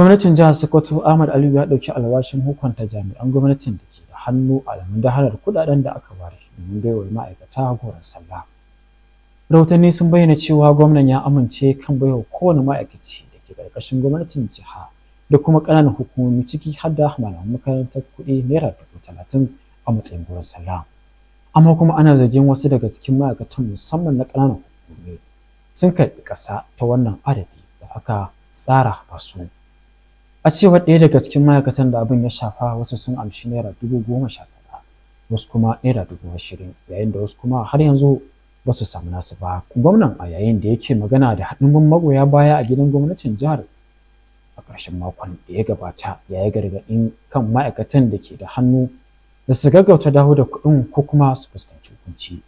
gwamnatin jihar sokoto ahmad aliyu ya ɗauki alwashin hukunta jami'an gwamnatin da ke da hannu a halar kuɗaɗen da aka ware domin baiwa ma'aikata goron sallah rahotanni sun bayyana cewa gwamnan ya amince kan baiwa kowane ma'aikaci da ke karkashin gwamnatin jiha da kuma ƙananan hukumomi ciki har da malaman makarantar kuɗi naira dubu talatin a matsayin goron sallah amma kuma ana zargin wasu daga cikin ma'aikatan musamman na ƙananan hukumomi sun karɓi ƙasa ta wannan adadi da aka tsara a su. a cewa ɗaya daga cikin ma'aikatan da abin ya shafa wasu sun amshi naira dubu goma sha tara wasu kuma naira dubu ashirin yayin da wasu kuma har yanzu ba su samu nasu ba gwamnan a yayin da yake magana da haɗin magoya baya a gidan gwamnatin jihar a ƙarshen makon da ya gabata ya yi gargaɗin kan ma'aikatan da ke da hannu da su gaggauta dawo da kuɗin ko kuma su fuskanci hukunci